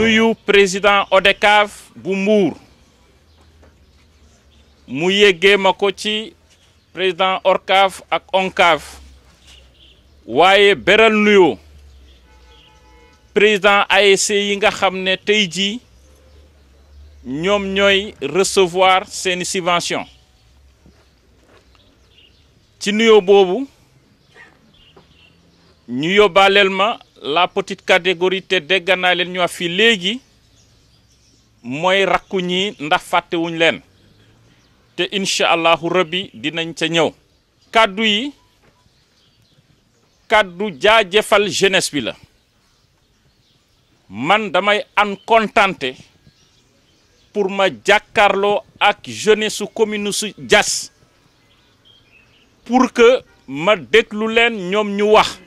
nuyu président Odekav bu mu yéggee mako ci président Orkav ak Onkav Waye beral Nuyo, président ASC yi nga xamné tayji ñom ñoy recevoir seeni subvention ci nuyoo bobu ñu ma la petite catégorie te dégg naa leen ñu wax fii léegi mooy rakku ñi ndax fàttewuñ leen te incha allahu rabbi dinañ ca ñëw kàddu yi kàddu jaajëfal jeunesse bi la man damay an kontante pour ma jàkkarloo ak jeunesse su commune su Diass pour que ma déglu leen ñoom ñu wax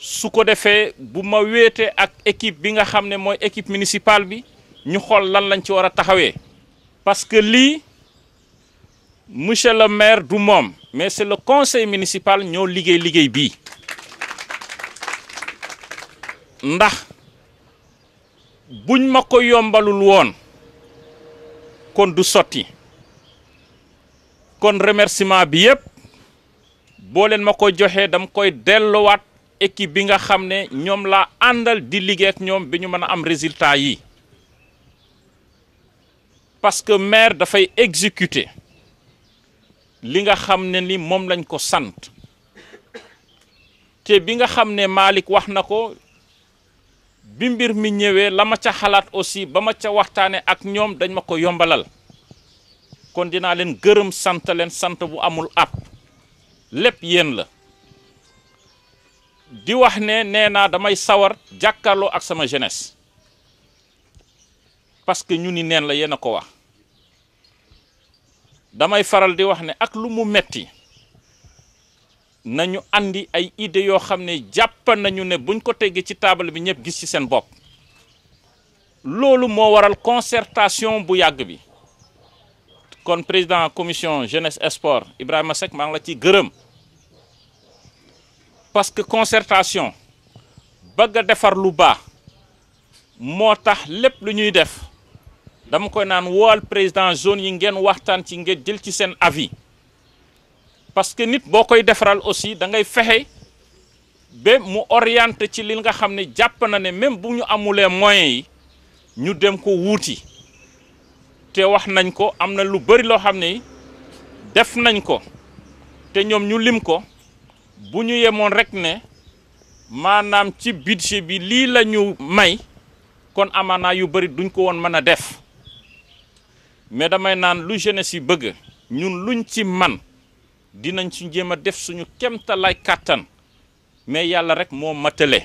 su ko defee bu ma wéete ak équipe bi nga xam ne mooy équipe municipale bi ñu xool lan lañ ci war a taxawee parce que lii monsieur le maire du moom mais c'est le conseil municipal ñoo liggéey liggéey bii ndax buñ ma ko yombalul woon kon du sotti kon remerciement bi yépp boo leen ma ko joxee dam koy dellowaat équipe bi nga xam ne ñoom laa àndal di liggéey ak ñoom bi ñu mën a am résultat yi parce que maire dafay exécuter li nga xam ne ni moom lañ ko sant te bi nga xam ne Malick wax na ko bi mbir mi ñëwee la ma ca xalaat aussi ba ma ca waxtaane ak ñoom dañ ma ko yombalal kon dinaa leen gërëm sant leen sant bu amul àpp lépp yéen la di wax ne neena damay sawar jakarlo ak sama jeunesse parce que ñu ni neen la yena ko wax damay faral di wax ne ak lu mu metti nañu andi ay idée yo xamne ne nañu ne buñ ko teggee ci table bi ñepp gis ci seen bop lolu mo waral concertation bu yàgg bi kon président commission jeunesse sport Ibrahima sek ma ngi la ci gëreum parce que concertation bëgg a defar lu baax moo tax lépp lu ñuy def dama koy naan wool président zone yi ngeen waxtaan ci ngeen jël ci seen avi parce que nit boo koy defaral aussi da ngay fexe ba mu orienté ci li nga xam ne jàpp na ne même bu ñu amulee moyens yi ñu dem ko wuuti te wax nañ ko am na lu bëri loo xam ne def nañ ko te ñoom ñu lim ko bu ñu yemoon rek ne maanaam ci budget bi lii la ñu may kon amaanaa yu bëri duñ ko woon mën a def mais damay naan lu jeunesse yi bëgg ñun luñ ci man dinañ ci jéem a def suñu kemtalaay kàttan mais yàlla rek moo matale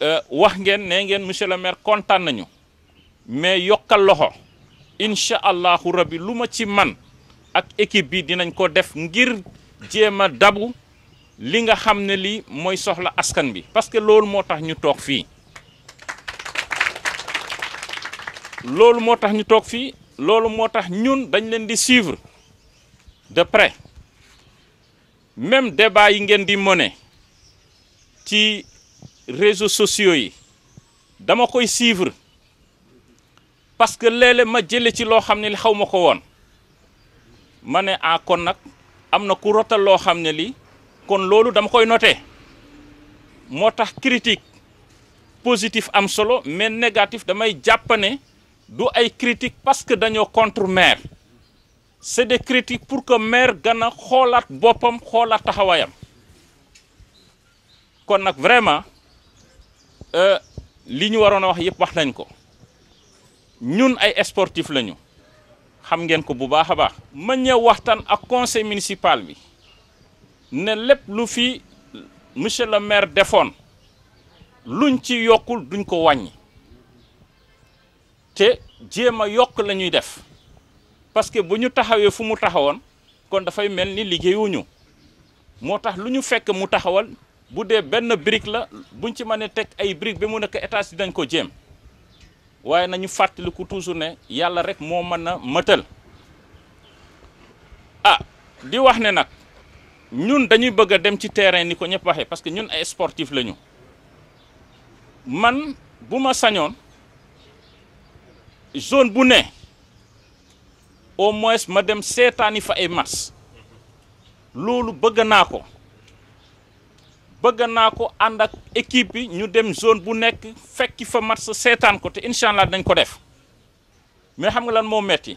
euh, wax ngeen ne ngeen monsieur le maire kontaan nañu mais yokkal loxo incha allahu rabi lu ma ci man ak équipe bi dinañ ko def ngir jéem a dabu li nga xam ne lii mooy soxla askan bi parce que loolu moo tax ñu toog fii loolu moo tax ñu toog fii loolu moo tax ñun dañ leen di suivre de près même débat yi ngeen di mone ci réseau sociaux yi dama koy suivre parce que léeg ma jële ci loo xam ne li xaw ma ko woon ma ne à ah kon nag am na ku rotal loo xam ne li kon loolu dama koy noté moo tax critique positif am solo mais négatif damay jàppane du ay critique parce que dañoo contre maire c'est des critiques pour que maire gën a xoolaat boppam xoolaat taxawaayam kon nag vraiment euh, li ñu waroon a wax yëpp wax nañ ko ñun ay sportif lañu xam ngeen ko bu baax a baax ma ñëw waxtaan ak conseil municipal bi ne lépp lu fi monsieur le maire defoon luñ ci yokkul duñ ko wàññi te jéem a yokk lañuy def parce que bu ñu taxawee fu mu taxawoon kon dafay mel ni liggéeyuñu moo tax lu ñu fekk mu taxawal bu dee benn brique la buñ ci mënee teg ay brique bi mu nekk étage dañ ko jéem waaye nañu fàttaliku toujours ne yàlla rek moo mën a mëtal ah di wax ne nag ñun dañuy bëgg a dem ci terrain ni ko ñëpp waxee parce que ñun ay sportif lañu man bu ma sañoon zone bu ne au moins ma dem seetaani fa ay match loolu bëgg naa ko bëgg naa ko ànd ak équipe bi ñu dem zone bu nekk fekki fa match seetaan ko te incha allah dañ ko def mais xam nga lan moo metti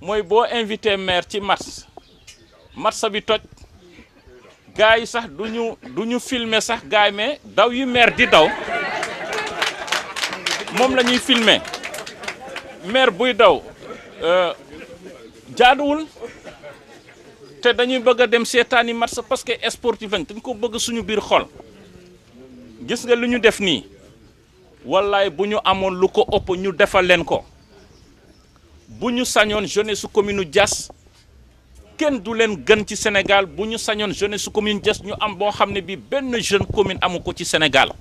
mooy boo invité maire ci match match bi toj gars yi sax du ñu du ñu filmer sax gars yi daw yi maire di daw moom la ñuy filmer maire buy daw euh, jaaduwul. te dañuy bëgg a dem seetaani match parce que sportif lañ dañ ko bëgg suñu biir xol gis nga li ñu def nii wallaay bu ñu amoon lu ko ëpp ñu defal leen ko bu ñu sañoon jeunesse su commune Diass kenn du leen gën ci Sénégal bu ñu sañoon jeunesse su commune Diass ñu am boo xam ne bi benn jeune commune amu ko ci Sénégal